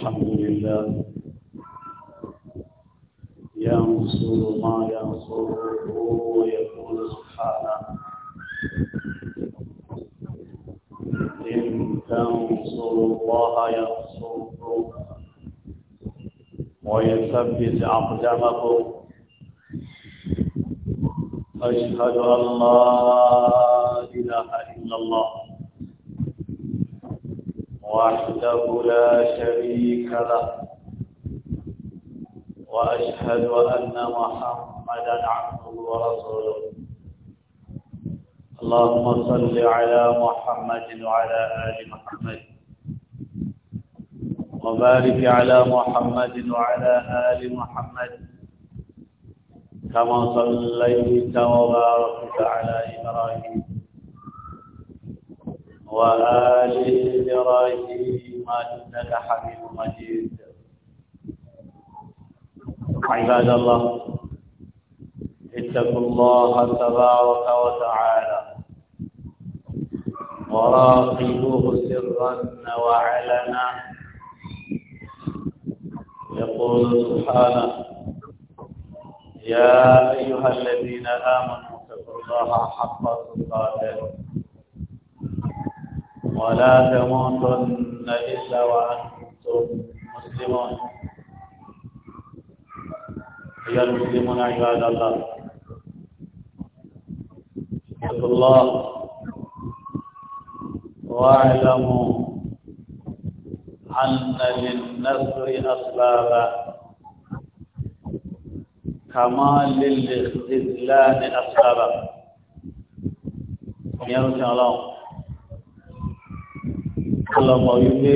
الحمد لله ينصر ما ينصره ويقول سبحانه إن تنصر الله ينصركم ويثبت أقدامكم أشهد أن لا إله إلا الله وحده لا شريك له وأشهد أن محمدا عبده ورسوله اللهم صل على محمد وعلى آل محمد وبارك على محمد وعلى آل محمد كما صليت وباركت على إبراهيم وآل إبراهيم إنك حميد مجيد عباد الله اتقوا الله تبارك وتعالى وراقبوه سرا وعلنا يقول سبحانه يا أيها الذين آمنوا اتقوا الله حق تقاته ولا تموتن إلا وأنتم مسلمون يا المسلمون عباد الله اتقوا الله واعلموا أن للنصر أسبابا كما للاستدلال أسبابا يرجع الله ọlọ́mọ wípé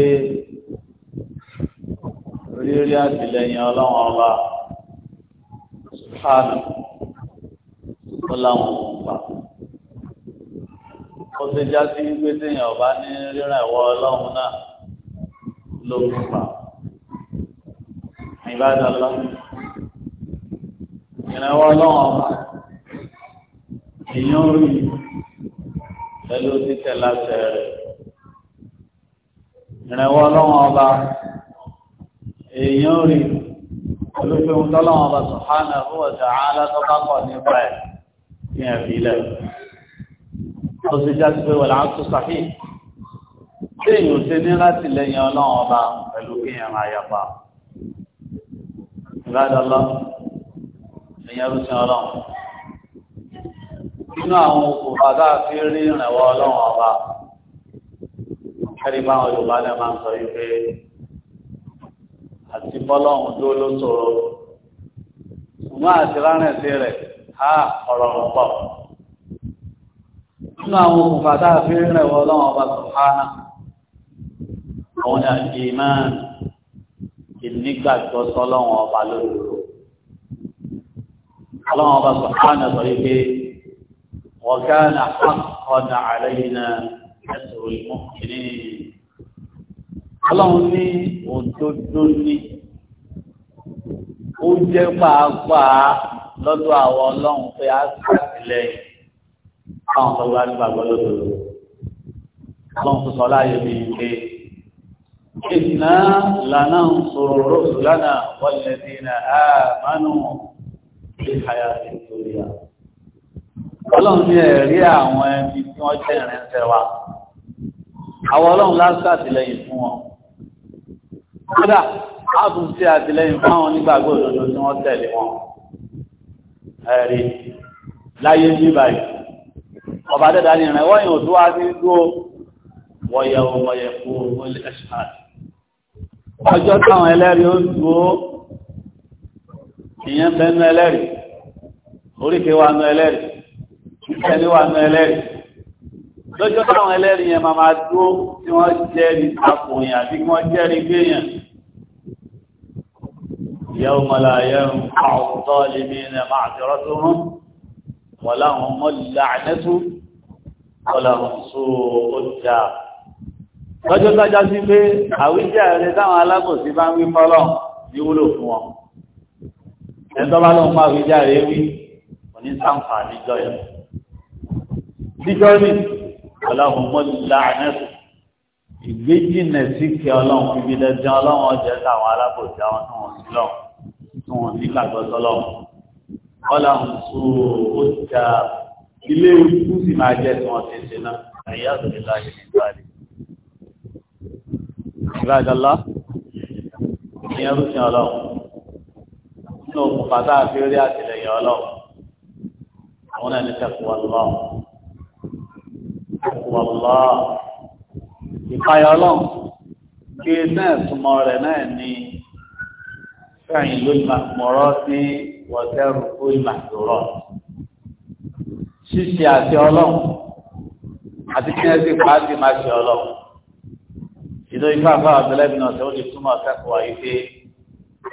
oríire àtìlẹ́yìn ọlọ́run ọba sùpáàlù ó láwọn òǹgbà ó ti já sí wípé téèyàn ọba ní ríràn ẹ̀wọ́ ọlọ́run náà ló ń pa ìbádọ́ lọ ìrànwọ́ ọlọ́run ọba èèyàn rí pẹ̀lú títẹ̀ láti ẹ̀rẹ̀ ìrẹ̀wọ́ ọlọ́wọ́n ọba èèyàn rí olófin ohun tọ́lọ́wọ́n ọba sọ̀hánà fún ọ̀sẹ̀ àálá tó bá pọ̀ nípa ẹ̀ ní ẹ̀fílẹ̀ ó sì já sí pé wọ́n láńtó sàfí tí èèyàn ṣe ní láti lẹ́yìn ọlọ́wọ́n ọba pẹ̀lú kí èèyàn máa yapa ìbádọ́lọ́ èèyàn rú sí ọlọ́wọ́n nínú àwọn òkùnfà tá a fi rí ìrẹ̀wọ́ ọlọ́wọ́n ọba ẹni báwọn yorùbá náà máa ń sọ yìí pé àti bọ́lọ́hún tó ló sọ̀rọ̀ ṣùgbọ́n àti rárẹ̀sí rẹ̀ á ọ̀rọ̀ rọ̀ pọ̀ nínú àwọn òkùnfà tá a fi rìn wọ ọlọ́run ọba sọ̀hánà àwọn ni àti máa ìnígbàgbọ́ sọ́lọ́run ọba lóòrò ọlọ́run ọba sọ̀hánà sọ yìí pé wọ́n ká ní àpá ọ̀nà àlẹ́ yìí náà ẹ̀sùn ìmọ̀ kìnìún ọlọ́run ní òdodo ní ó jẹ́ pàápàá lọ́dọ̀ àwọn ọlọ́run pé á sàtìlẹ́yìn káwọn tó bá ní gbàgbọ́ lódodo ọlọ́run tó sọ láàyè mi pé ìná lànà ń sọ̀rọ̀ rọ́ọ̀sù lánàá wọ́n lè dín náà àmánú ìhàyà ìtòríyà ọlọ́run ní ẹ̀rí àwọn ẹni tí wọ́n jẹ́ ìrìnsẹ̀ wa àwọn ọlọ́run lásàtìlẹ́yìn fún wọn kódà áàbùn tí àtìlẹ́yìn fáwọn onígbàgbọ́ òdodo tí wọ́n tẹ̀lé wọn ẹ̀rí láyé ní báyìí ọba dẹ́dà ní ìrìn wọ́n yóò tó wá sí dúró wọ̀yẹ̀ wọ̀yẹ̀ fún olè ẹ̀ṣáàt ọjọ́ táwọn ẹlẹ́rìí ó dúró ìyẹn bẹ́ẹ̀ nú ẹlẹ́rìí oríkèé wa nú ẹlẹ́rìí ìṣẹ́ni wa nú ẹlẹ́rìí lọ́jọ́ táwọn ẹlẹ́rìí yẹn máa máa dúró tí wọ́n jẹ́rìí takòyìn àti kí wọ́n jẹ́rìí gbéyàn. ìyàwó mọ̀lá yẹn àwọn tó lè ní ẹ̀ máa jọrọ tó rán wọ́n láwọn ọmọ làánẹ́tú wọ́n láwọn sọ ọjà. lọ́jọ́ tájá sí pé àwíjàre táwọn alábòsí bá ń wí fọ́lọ́ ní wúlò fún wọn. ẹ̀ńtọ́ bá lọ́n máa wíjàre wí oní sáǹfà níjọ́ yẹn ọlọ́run mọ́tòlá ànẹ́sùn ìgbéjìnà sí kí ọlọ́run ibi dandan ọlọ́run ọjọ́ táwọn alábòjá wọn tó wọn sí lọ́wọ́ tó wọn sí gbàgbọ́ sọlọ́run ọlọ́run tó ó ta ilé ikú sì máa jẹ́ tí wọ́n ti ṣe náà ẹ̀yà òṣèlú láyé nígbà rẹ̀. ìbájọ́lá ìyẹn ló sin ọlọ́run nínú òkùnfà tá a fi rí àtìlẹyìn ọlọ́run àwọn náà tẹ̀kọ́ ọlọ́run wàlá ìpayà ọlọ́run kí náà súnmọ́ rẹ̀ náà ní fẹ́yìn ló mọ̀rọ́ sí wọ́tẹ́rù ó ìmàdúrọ̀ ṣíṣe àti ọlọ́run àti kí ẹ sì pàdé má ṣe ọlọ́run ìdó ifá afá àbẹ̀lẹ́bí náà tó lè túmọ̀ sẹ́kọ̀ọ́ ìfẹ́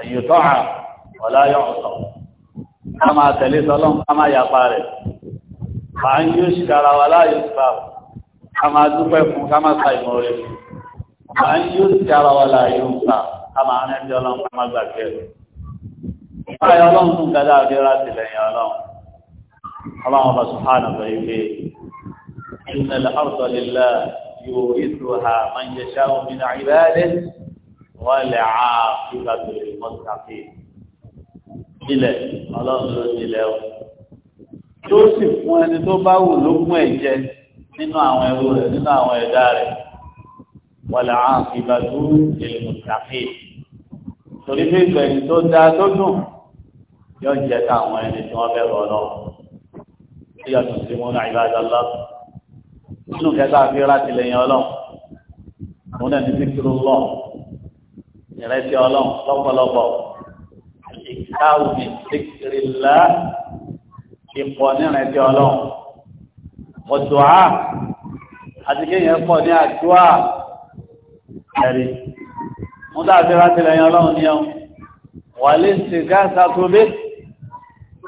ẹ̀yìn tó hàn ọ̀la yọ̀ ọ̀tọ̀ ká máa tẹ̀lé sọlọ́run ká máa yàpa rẹ̀ à ń yóò ṣì dára wa láàyè ìfà rẹ̀ ká máa dúpẹ́ fún ká máa sa ìmọ̀ rẹ̀ à ń yóò ti ara wa láàyè ń ta ká máa rẹ́ bí ọlọ́run ká máa gbàgbé rẹ̀. báyọ̀ ọlọ́run tún gada àdéhùn àtìlẹ́yìn ọlọ́run ọlọ́run ọba sùhánà sọ ife ìnà lọ́rùtọ̀ lílá yóò ètò ha máa ń yẹ ṣáà omi náà ìbáyé wọ́n lè á fúgbà tó lè mọ́ sàfé ilẹ̀ ọlọ́run ló nílẹ̀ o yóò sì fún ẹni tó bá wù lógún ẹ̀jẹ̀ nínú àwọn ẹrú rẹ̀ nínú àwọn ẹ̀dá rẹ̀ wàlà àfìbàdú ìlùmùtàkì torí pé ìgbẹ̀yìn tó dáa tó dùn yóò jẹ́ káwọn ẹni tí wọ́n bẹ̀rù ọlọ́run tí yàtọ̀ sí mú náà ìlú àjọlá nínú kẹta àfi láti lẹ́yìn ọlọ́run òun náà ní síkírù lọ ìrẹsì ọlọ́run lọ́pọ̀lọpọ̀ ìkáwùmí síkírì lá ìpọ̀ ọ̀dọ̀ á àti kéèyàn pọ̀ ní àdúrà ẹ̀rí wọ́n dáadé láti lẹ́yìn ọlọ́run ní ẹun wà lè ṣe gáàsà tó lé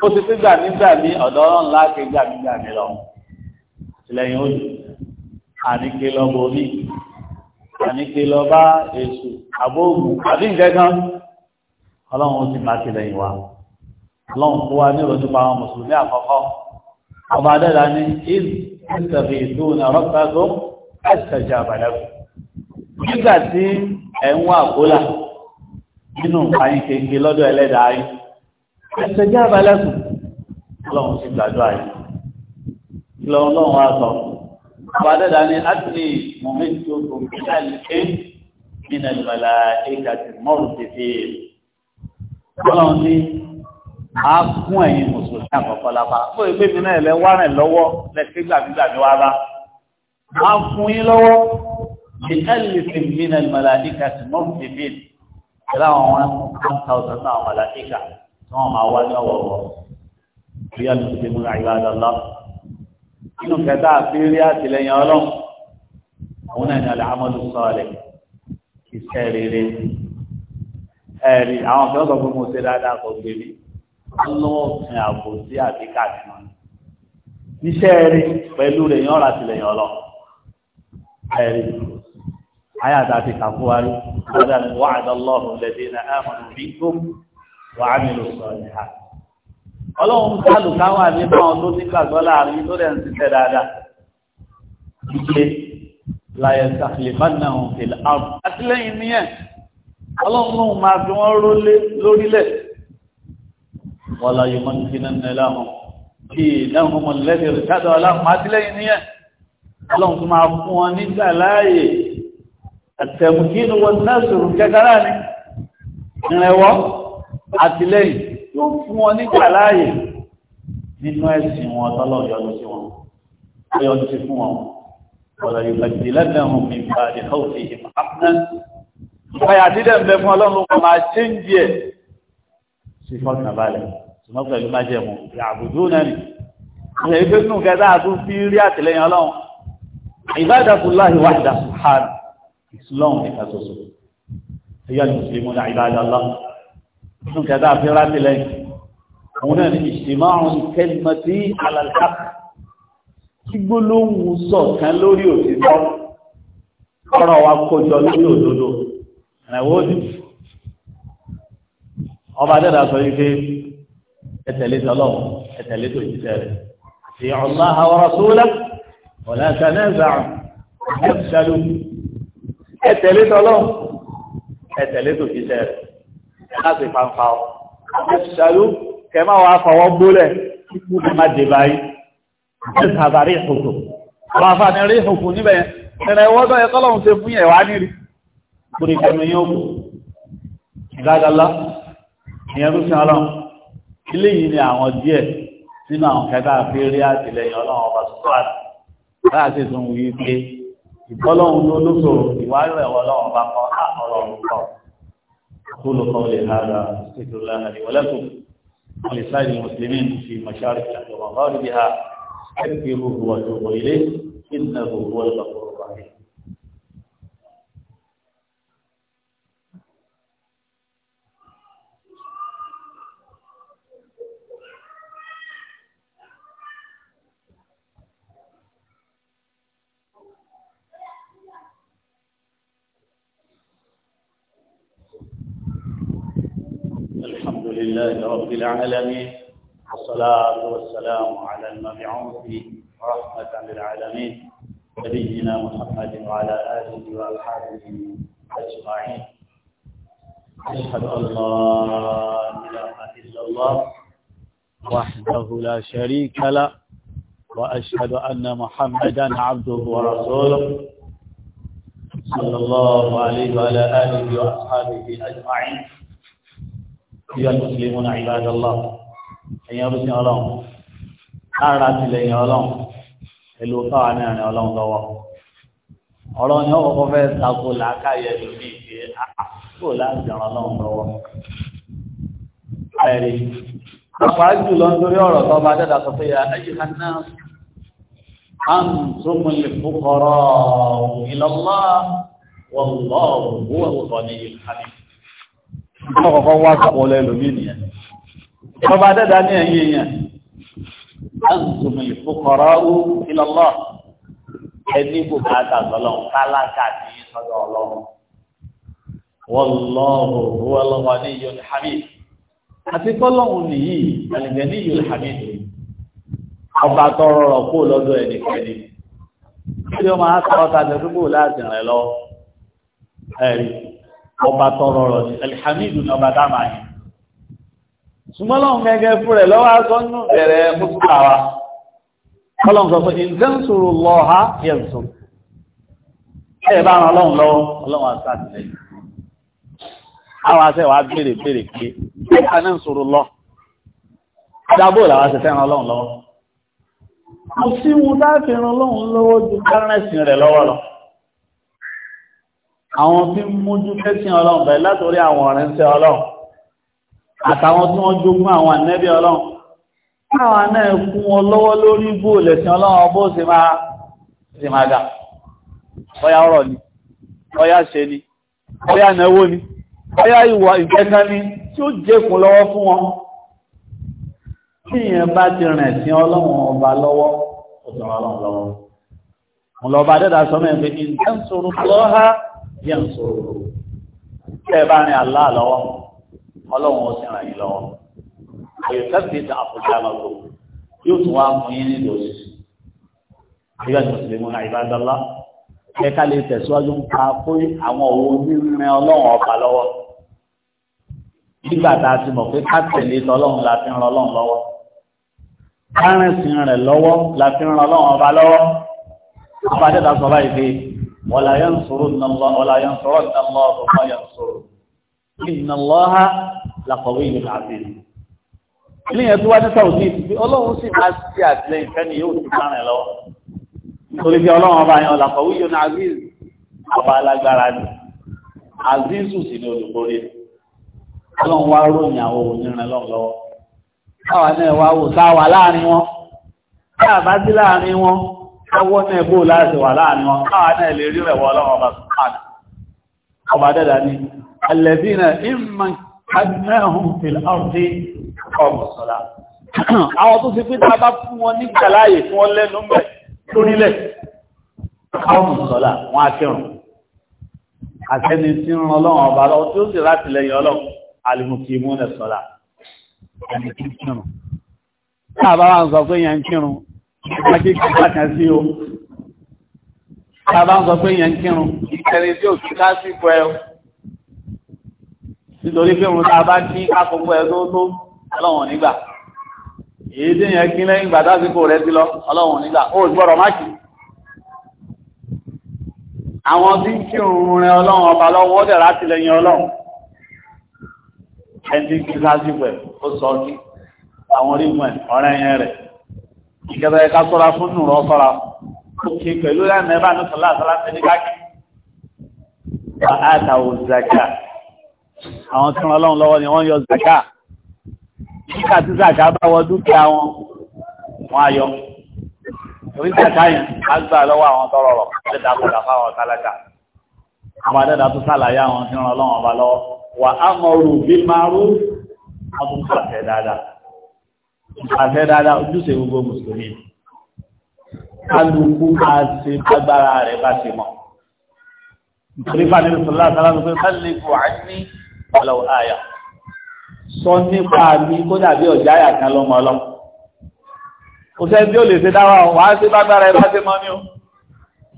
ó ti fi gbàmí gbàmí ọ̀dọ̀ ọlọ́run láti gbàmí gbàmí lọ lẹ́yìn ojú àníkè lọ bomi àníkè lọ bá èṣù àbóògùn àbí nǹkan ọlọ́run ó ti máa ti lẹ́yìn wa ọlọ́run kó wa ní ìrọ̀jú pa àwọn mùsùlùmí àkọ́kọ́ ọba dára ní ìlú ìtàfẹ́ ìlú ọ̀rọ̀pàá ẹ̀sẹ̀jà àbàdàkù nígbà tí ẹ̀ ń wá àkólà nínú nǹkan kéèké lọ́dọ̀ ẹlẹ́dàá yìí ẹ̀sẹ̀jà àbàdàkù lọ́wọ́n ti gbàdúrà yìí lọ́wọ́n lọ́wọ́n wá sọ ọba dára á fún ẹ̀yin mùsùlùmí àkọ́kọ́ lápá fún ìgbé mi náà lẹ́wọ́ rẹ̀ lọ́wọ́ lẹ́sẹ̀ gbàgbígbà mi wá bá á fún yín lọ́wọ́ ní ẹ̀lìsì mìíràn mọ̀láìkà tí mọ́ fi bí ìlà àwọn one thousand náà mọ̀láìkà tí wọ́n máa wá ní ọ̀wọ̀wọ̀ rí àlùfẹ́ mú àyíwájọ́lá nínú kẹta àti àtìlẹyìn ọlọ́run òun náà ní alàmọ́lù sọ́ọ̀lẹ̀ iṣẹ́ àwọn kan sọ pé mo ṣe dáadáa kò gbèmí ọlọ́ọ̀sìn àbò sí àbíkà tí wọ́n ní. Iṣẹ́ rí pẹ̀lú rẹ̀ yọ́n ràtìlẹ̀yìn ọlọ́. Ẹ̀rí ayé àtàtì kàfúwárí, ọ̀dà ni wà àdọ́lọ́rùn lẹ́bí na ẹ̀hùn bí tó wà á nílò sọ ní ha. Ọlọ́run kálù káwà ní báwọn tó ní gbàgbọ́ láàrin tó dẹ̀ ń ṣiṣẹ́ dáadáa. Ike láyé sàkìlìfánà òun fèlè àrùn. Àtìlẹ́yìn nìyẹn, ọlọ́run máa fi wọ́n rólé lórílẹ̀ wọ́lá yóò mọ́n kí náà láhùn kí náà mọ́ lẹ́dẹ̀ ìrìkádọ̀ aláhùn àtìlẹ́yìn níyẹn ọlọ́run tó máa fún wọn nígbà láàyè àtẹ̀mùkínú wọn náà sọ̀rọ̀ kẹkẹrẹ ni ìrẹ̀wọ́ àtìlẹ́yìn yóò fún wọn nígbà láàyè nínú ẹ̀sìn wọn tọ́lọ̀ yọjú sí wọn yọjú sí fún wọn wọ́lá yóò bá jìdí lẹ́dẹ̀ẹ́hùn mi bá ìhọ́ọ̀fì ìmọ̀ wọn pẹ̀lú májẹ̀mú yàgùdú náà ni ilẹ̀ ìgbé nù kẹta àtún fi rí àtìlẹ́yìn ọlọ́run ìbádàfúláhì wàdà hàn ìsúlọ́run nìkan ṣoṣo ẹ̀yà mùsùlùmí náà ìbádà lọ nù kẹta àfi rí àtìlẹ́yìn òun náà ni ìṣèmáhùn kẹlìmọtì alàlhàk kí gbólóhùn ṣọ̀kan lórí òtítọ́ ọ̀rọ̀ wa kójọ lórí òdodo ẹwọ ọba dẹdà sọ yìí pé ẹtẹ̀lé tọ́lọ́ ẹtẹ̀lé tó ti tẹ̀lé àti ọ̀la àwọ̀rọ̀ sólá ọ̀la sanẹ́zà ẹ̀ṣẹ̀lú ẹtẹ̀lé tọ́lọ́ ẹtẹ̀lé tó ti tẹ̀lé láti fanfa ọ ẹ̀ṣẹ̀lú kẹ́mà wà fọwọ́ gbólẹ̀ kíkú kí má dé báyìí ẹ̀ṣàbà rí ìfòkò àwọn afáàní rí ìfòkò níbẹ̀ ẹ̀rẹ̀ wọ́n tọ́ ẹ̀kọ́ lọ́hùn ṣe fún yẹ̀ wá nírí kúrìkẹ́mi yóò kù ìdájọ́lá ìyẹn ló ṣe ọlọ́run eléyìí ni àwọn díẹ̀ nínú àwọn kẹta fi rí àtìlẹyìn ọlọ́run ọba sọ́ọ̀t láà sì tún wí pé ìbọ́lọ́run ló lóso ìwárò ẹ̀wọ̀ ọlọ́run ọba kan àkọlọ́ orúkọ أقول قولي هذا أستغفر الله لي ولكم ولسائر المسلمين في مشارق ومغاربها استغفروه وتوبوا إليه إنه هو الغفور لله رب العالمين والصلاة والسلام على المبعوث رحمة للعالمين نبينا محمد وعلى آله وأصحابه أجمعين أشهد أن لا إله إلا الله وحده لا شريك له وأشهد أن محمدا عبده ورسوله صلى الله عليه وعلى آله وأصحابه أجمعين ìyá mùsùlùmí náà ìlàjà ọlọ́run ẹ̀yìn ọdún sí ọlọ́run lára tilẹ̀yìn ọlọ́run ẹ̀lú káwa ní àárín ọlọ́run lọ́wọ́ ọ̀rọ̀ ni wọ́n kọ́kọ́ fẹ́ tako làákàyè lómi ìgbé àkókò láti ràn ọlọ́run lọ́wọ́. ẹ̀rí àpá jùlọ nítorí ọ̀rọ̀ tó bá dẹ́ta sọ pé ayíká náà á ń túnmùn lè fúkọrọ ìlọ́lá wọ́n lọ́ọ̀rùn wọ́n lọ́ọ̀ ní ìlú ìgbọ́n kọ̀kọ́ wá sọ̀pọ̀lẹ̀ lómi nìyẹn ọba dẹ́dà ní ẹ̀yìn èèyàn láàrín ìfòkọ̀rọ̀ ìlọ́lọ́ ẹni kò bá tàbọ̀lọ́ kálákà ní sọ́dọ̀ ọlọ́run wọ́lọ́rù wọ́lọ́wọ́ ní yóò hamid àti kọ́lọ́hùn nìyí àlìgbẹ̀ ní yóò hamid ọba tọrọ rọ̀ kó lọ́dọ̀ ẹnikẹ́ni kí ló máa sọ ọ́ta láti rìn lọ ẹ̀rí ọba tọrọ ọ̀rọ̀ sí alihamidu ní ọba dáàmà yìí ṣùgbọ́n gẹ́gẹ́ fún rẹ̀ lọ́wọ́ aṣọ nínú bẹ̀rẹ̀ mọ́tòkà wa kọ́lọ́n sọ pé ìdẹ́nsùrù lọ́ha yẹ̀nsù ẹ̀ bá ran ọlọ́run lọ́wọ́ ọlọ́run àti àtìlẹ́yìn àwọn aṣẹ́ wa béèrè béèrè pé ìdẹ́nsùrù lọ́ adábò làwọn aṣẹ́ fẹ́ràn ọlọ́run lọ́wọ́ kò sí wọn láti ran ọlọ́run lọ́wọ́ ju kárẹ́sì rẹ̀ lọ́wọ́ lọ́wọ́ àwọn tí ń mójú fẹ́sìn ọlọ́run bẹ̀rẹ̀ látòrí àwọn ọ̀rẹ́nsẹ́ ọlọ́run àtàwọn tí wọ́n jogún àwọn ànẹ́bí ọlọ́run káwọn náà kún wọn lọ́wọ́ lórí bó lẹ̀sìn ọlọ́run ọbó sì máa sì máa dà ọya ọ̀rọ̀ ni ọya ṣe ni ọya náwó ni ọya ìwà ìkẹta ni tí ó jẹ́kùn lọ́wọ́ fún wọn tí ìyẹn bá ti rìn sí ọlọ́run ọba lọ́wọ́ ọ̀sán ọlọ́run lọ́wọ́ yansuru tẹ́ ẹ bá ní Allah lọ́wọ́ ọlọ́run ó sì ràn yín lọ́wọ́ àyè sẹ́fì ta àfọ̀jà lọ́tọ̀ yóò tún wá mú yín nílò òṣìṣẹ́ àyè mùsùlùmí náà ìbádọ́lá ẹ ká lè tẹ̀síwájú ń ka pé àwọn òwò onírin ọlọ́run ọba lọ́wọ́ nígbà tá a ti mọ̀ pé ká tẹ̀lé tọ́lọ́run la fi ń ran ọlọ́run lọ́wọ́ kárẹ̀sìn rẹ̀ lọ́wọ́ la fi ń ran ọba lọ́wọ́ ọba dẹ́ta sọ báyìí pé ولا ينصرن الله ولا ينصرن الله ما ينصر إن الله لقوي عزيز ilé yẹn tó wá ní sàwùdí ìsìnkú ọlọ́run sì máa ṣe àtìlẹyìn fẹ́ni yóò ti máa rìn lọ́wọ́ nítorí bí ọlọ́run ọba yẹn ọ̀làkọ̀wé yóò ní aziz ọba alágbára ni azizu sì ni olùborí ọlọ́run wá ròyìn àwọn onírìn lọ́wọ́ lọ́wọ́ káwa náà wá wò sáwà láàrin wọn káà bá sí láàrin wọn káwọ́ náà bó láti wà láàrin wọn káà náà lè rí rẹ̀wọ́ ọlọ́wọ́ bá sùpáàdì ọba dẹ́dà ní alẹ́bínà ìmọ̀ kanáhùn fìlárùdí ọmọ̀sọ́lá àwọn tó ti pín tá bá fún wọn ní kàláyè fún wọn lẹ́nu mẹ́ lórílẹ̀ ọmọ̀sọ́lá wọn nípa kíkí bákan sí o bàbá ń sọ pé yẹn ń kírun ìkẹrin tí ò sí lásìkò ẹ o nítorí pé òun tá a bá kí àkókò ẹ tó tó ọlọ́run nígbà èyí tí yẹn kí lẹ́yìn ìgbà tásìkò rẹ ti lọ ọlọ́run nígbà ó gbọ́dọ̀ má kì í àwọn tí ń kírun rẹ ọlọ́run ọba lọ́wọ́ ó dẹ̀ láti lẹ́yìn ọlọ́run ẹni tí kí lásìkò ẹ ó sọ kí àwọn onímọ̀ ọ̀rẹ́ yẹn rẹ̀ ìjọba ẹ̀ka sọ́ra fún nùrọ̀ sọ́ra ṣe pẹ̀lú lánà ẹ̀bá ní sọ́lá àtàlá ṣe ní káàkiri. Àtà ò zàkà. Àwọn tí wọ́n lọ́wọ́ lọ́wọ́ ni wọ́n yọ zàkà. Kíkà tí zàkà bá wọ dúkìá wọn, wọ́n á yọ. Orí zàkà yẹn, á gbà lọ́wọ́ àwọn tọrọ rọ̀ lẹ́dà kọ̀dà fáwọn tálákà. Àwọn àdẹ́dà tó sàlàyé àwọn tí wọ́n lọ́wọ́ ọba lọ́wọ́. Wà á mọ̀ rù bí máa rú, wọ́n tún sàfẹ́ dáadáa àṣẹ dáadáa ojúṣe gbogbo mùsùlùmí kálukú máa ṣe bágbára rẹ̀ bá ṣe mọ̀ nítorí bá nílùú sọlá sọlá sọ pé kálí kò á ní ọlọ́wọ́ àyà sọ nípa mi kó dàbí ọ̀já àyà kan lọ́mọ ọlọ́ kò sẹ́ni tí ó lè ṣe dáwà wàá ṣe bágbára ẹ bá ṣe mọ́ ni ó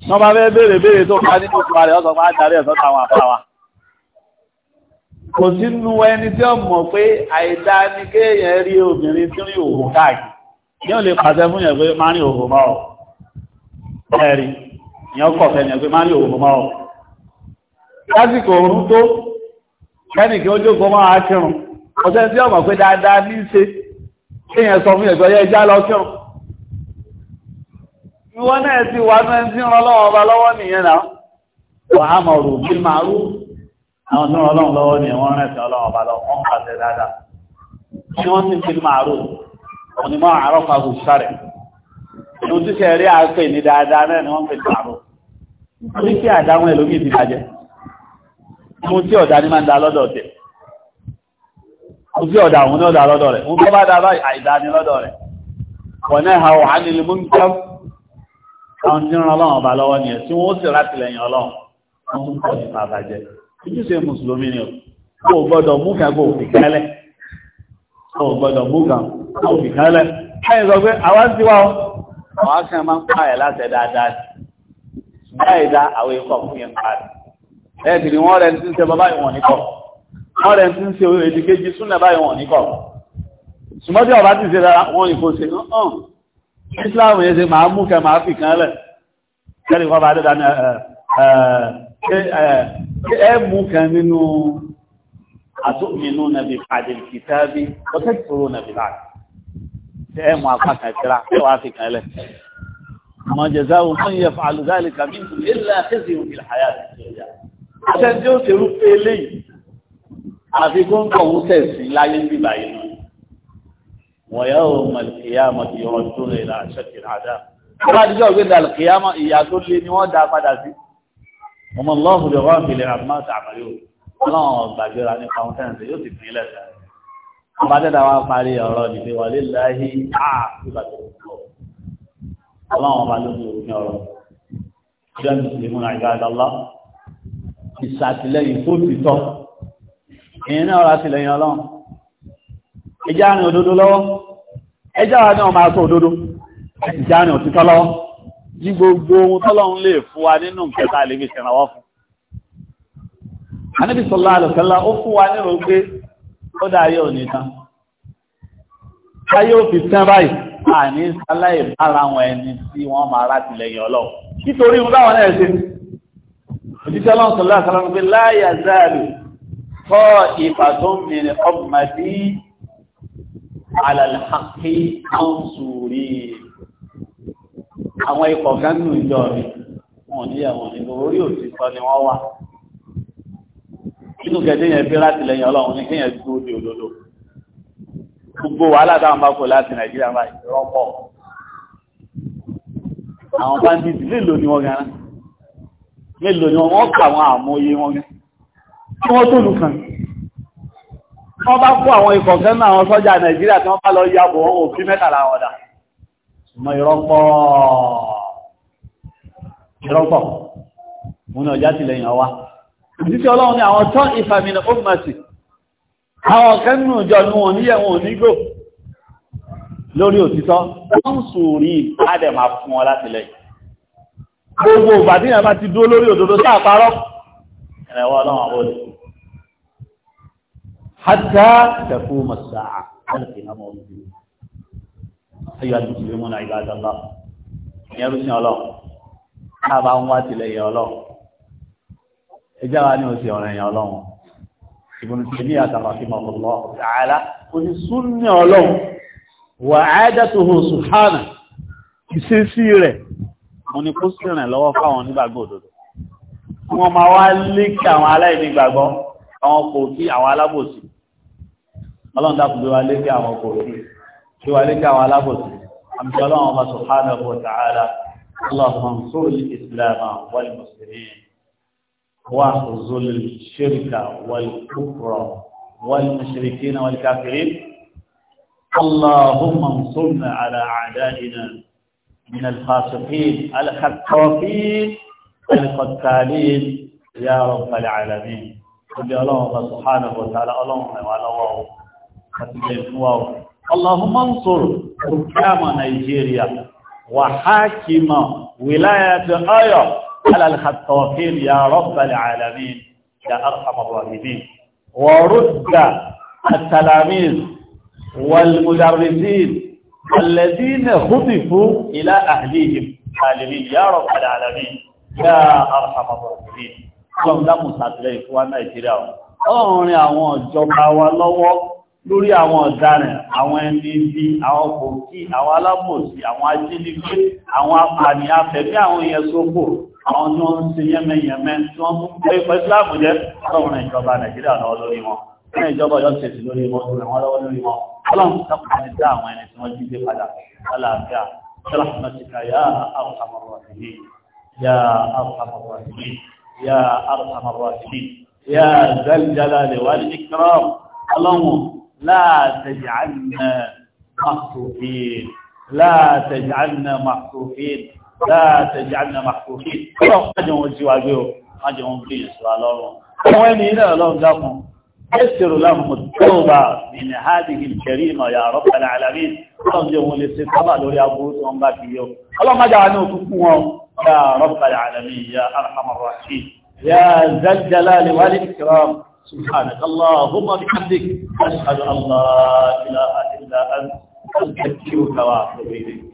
wọ́n bá fẹ́ béèrè béèrè tó ká nínú ìtura ọ̀sán máa darí ẹ̀sán táwọn àbá wa. kò sí nu ẹni tí ó mọ̀ pé àìdá ni kéèyàn rí obìnrin tí rí òhò ní yóò lè pàṣẹ fún yẹn pé má rí ọ ẹ̀rí yẹn kọ̀ fẹ́ yẹn lásìkò tó ó jókòó máa tí ó mọ̀ pé dáadáa ní í ṣe kéèyàn sọ fún yẹn pé ẹjá lọ kírun ìwọ náà ti àwọn tó rọlọ́n lọ́wọ́ ni wọ́n rẹ̀ sí ọlọ́wọ́ bá lọ wọ́n pàṣẹ dáadáa tí wọ́n ti fi máa rò wọ́n ni máa àárọ̀ pa òṣìṣà rẹ̀ ló ti ṣe rí àpè ní dáadáa náà ni wọ́n fi máa rò torí kí àdáwọn ẹlòmíì ti bàjẹ́ mo tí ọ̀dà ni máa ń da lọ́dọ̀ tẹ̀ mo tí ọ̀dà òun ní ọ̀dà lọ́dọ̀ rẹ̀ mo bọ́ bá da báyìí àìdá rẹ̀ wọ́n náà ha wà nílé mú nǹkan àwọn tí ń ran ọlọ́run ọba lọ́wọ́ nìyẹn tí wọ́n ó sì rátìlẹ́yìn ọlọ́run wọ́n tún pọ̀ nípa àbàjẹ́ ojúṣe mùsùlùmí ni ó gbọ́dọ̀ mú kàgbò ìkálẹ̀ ó gbọ́dọ̀ mú kàgbò ìkálẹ̀ ẹ̀yìn sọ pé àwọn ti wá ọ́ àwọn kan máa ń pààyà láti dáadáa báyìí dá àwọn ikọ̀ fún yẹn pààyà ẹ̀ tì ní wọ́n rẹ̀ ti ń ṣe bàbá ìwọ̀n níkọ̀ wọ́n rẹ̀ ti se ṣe èdìkejì súnlẹ̀ báyìí wọ̀n níkọ̀ ṣùgbọ́n tí ọba ti ṣe dára wọ́n ìfò ṣe hàn Islam yẹn ṣe máa mú kẹ máa fi kan lẹ̀ kẹ́lì fọ́ba adé ẹ mú kan nínú àtúnmínú nàbí àdìrìkìtàbí ọ̀tẹ́kìtòrò nàbí láàrín ẹ mú apá kan síra ẹ wàá fi kan lẹ̀ àwọn jẹ̀záwò fún yẹ fàálù dáàlì kàmí ìlú ilẹ̀ àkẹ́sì òkè àyà àtìjẹ̀yà àtẹ́jẹ́ ó ṣerú pé eléyìí àfi kó ń kọ̀wé tẹ̀sí láyé bíbá yìí náà wọ̀nyá ò mọ̀lìkìyàmọ̀ ìyọ̀rọ̀ tó lè rà àṣẹ àdá. wọ́n bá dijọ́ gbé dàlùkìyàmọ̀ ìyá tó lé ni wọ́n dá padà sí ọmọ lọ́ọ̀bù lè wọ́n fìlẹ̀ àmọ́ tààmì yóò ọlọ́run gbàgbéra ní fountain yóò sì fún ilẹ̀ sẹ́yìn ọba dẹ́dà wa parí ọ̀rọ̀ nìgbé wà lè láyé àkúgbà tó ń bọ̀ ọlọ́run ọba ló ní òfin ọ̀rọ̀ ìjọ mùsùlùmí náà ìgbà àdọ́lá ìsàtìlẹ́yìn ìyẹn náà ọ̀rọ̀ àtìlẹ́yìn ọlọ́run ẹjá rìn òdodo lọ́wọ́ ẹjá wa náà máa sọ òdodo ẹjá rìn òtítọ́ lọ́wọ́ ní gbogbo ohun tọ́lọ́run lè fún wa nínú kẹta lè fi ṣẹ̀rànwọ́ fún. Ànábì sọ̀lá àlùkẹ́lá ó fún wa nírò pé ó dáyé òní tán. Táyé ó fi tán báyìí, àní sáláì bára wọn ẹni tí wọ́n máa rátìlẹ́yìn ọlọ́run. Nítorí ohun táwọn náà ṣe, òjíṣẹ́ ọlọ́run sọ̀lá àlùkẹ́lá pé láyà záàlù kọ́ ìfà tó ń mìíràn ọmọdé alàlàkí kan sùúrì àwọn ikọ̀ gánú ìjọ rẹ̀ wọn ní ẹ̀wọ̀n nínú orí òtítọ́ ni wọ́n wà nínú gẹ̀dẹ́ yẹn bí láti lẹ́yìn ọlọ́run ní kéèyàn dúró di òdodo gbogbo wàhálà táwọn bá kó láti nàìjíríà máa rọ́pọ̀ àwọn bandits mélòó ni wọ́n gan mélòó ni wọ́n kà wọ́n àmóye wọn gan kí wọ́n tó lùkàn wọ́n bá kó àwọn ikọ̀ gánú àwọn sọ́jà nàìjíríà tí wọ́n bá lọ yàgò wọn òfin mẹ́tàlá wọn dà mọ́ ìrọ́pọ̀ ìrọ́pọ̀ múnà ọjá ti lẹ́yìn ọwá títí ọlọ́run ni àwọn tán ìfàmìnà ọmọsì àwọn kẹ́nù ìjọ ní wọn níyẹ̀wọ̀n onígbò lórí òtítọ́ wọ́n sùúrí adẹ̀mà fún ọ láti lẹ́yìn gbogbo ìbàdíyàn bá ti dúró lórí òdodo tá àparọ́ ẹ̀rẹ̀wọ́ ọlọ́run àwọn olè hátà tẹ̀kú mọ̀sáà láti ìhàmọ́ olùdíyàn ayọ̀ àdùsílẹ̀ mọ́nà ìbádọ́lá ìyẹn ló sìn ọlọ́run náà bá ń wá tilẹ̀ yẹn ọlọ́run ẹjá wa ní oṣù ọ̀rẹ́ yẹn ọlọ́run ìbùn tèmi àtàkàfin ọ̀pọ̀lọ́ ọ̀tàlá oní súnmí ọlọ́run wà áádẹ́tòhò sùhánà ìṣesí rẹ̀ mo ní kó sì rìn lọ́wọ́ fáwọn onígbàgbọ́ òdodo wọ́n máa wá lékè àwọn aláìní gbàgbọ́ àwọn kò kí àwọn alábòsí ọlọ́run dákùnbé wa lékè àwọn kò kí tí wà lẹ́kẹ́ àwọn alábòsí àmì ọlọ́run ọba subhanahu wa ta'ala اللهم انصر الإسلام والمسلمين واخذل الشرك والكفر والمشركين والكافرين اللهم انصرنا على أعدائنا من الفاسقين الخطافين القتالين يا رب العالمين قل الله سبحانه وتعالى اللهم وعلى الله فتجل اللهم انصر حكام نيجيريا وحاكم ولاية آية على الخطافين يا رب العالمين يا أرحم الراحمين ورد التلاميذ والمدرسين الذين خطفوا إلى أهليهم حالمين يا رب العالمين يا أرحم الراحمين اللهم لا مساعد لك وانا يجري أولي أولي أولي lórí àwọn ọ̀daràn àwọn ẹni ibi àwọn kòkí àwọn alábòsí àwọn ajínigbé àwọn apàní afẹ̀mí àwọn èèyàn sókò àwọn tí wọ́n ń ṣe yẹ́mẹ́yẹ̀mẹ́ tí wọ́n mú pé pẹ̀síláàmù jẹ́ ọlọ́run ìjọba nàìjíríà lọ́wọ́ lórí wọn ní ìjọba ọjọ́ tẹ̀sí lórí wọn lórí wọn lọ́wọ́ lórí wọn ọlọ́run sábà ní dá àwọn ẹni tí wọ́n jí gbé padà aláàbíà sálàmọ́síkà yá àrùsàmọ̀rọ̀sìlì yá àrùsàmọ̀rọ̀sìlì yá àrùsàmọ̀rọ̀sìlì yá لا تجعلنا محصوفين لا تجعلنا محصوفين لا تجعلنا محصوفين ọlọ́run májọ̀ wọn jíwá gbé o májọ̀ wọn bí ìṣọ́ alọ́run àwọn ẹni ilẹ̀ ọlọ́run dákun ẹ̀sẹ̀rò láàmù tóòbà nínú hádìí ìjẹ̀rí ìmọ̀ ya rabbal alamin ọlọ́run jẹ́ wọn lè ṣe sábà lórí aburú tó ń bá fi yọ ọlọ́run májọ̀ wọn ní òkúkú wọn ya rabbal alamin ya arhamar rahim ya zal jalali wal ikram سبحانك اللهم بحمدك أشهد أن لا إله إلا أنت أستغفرك وأتوب إليك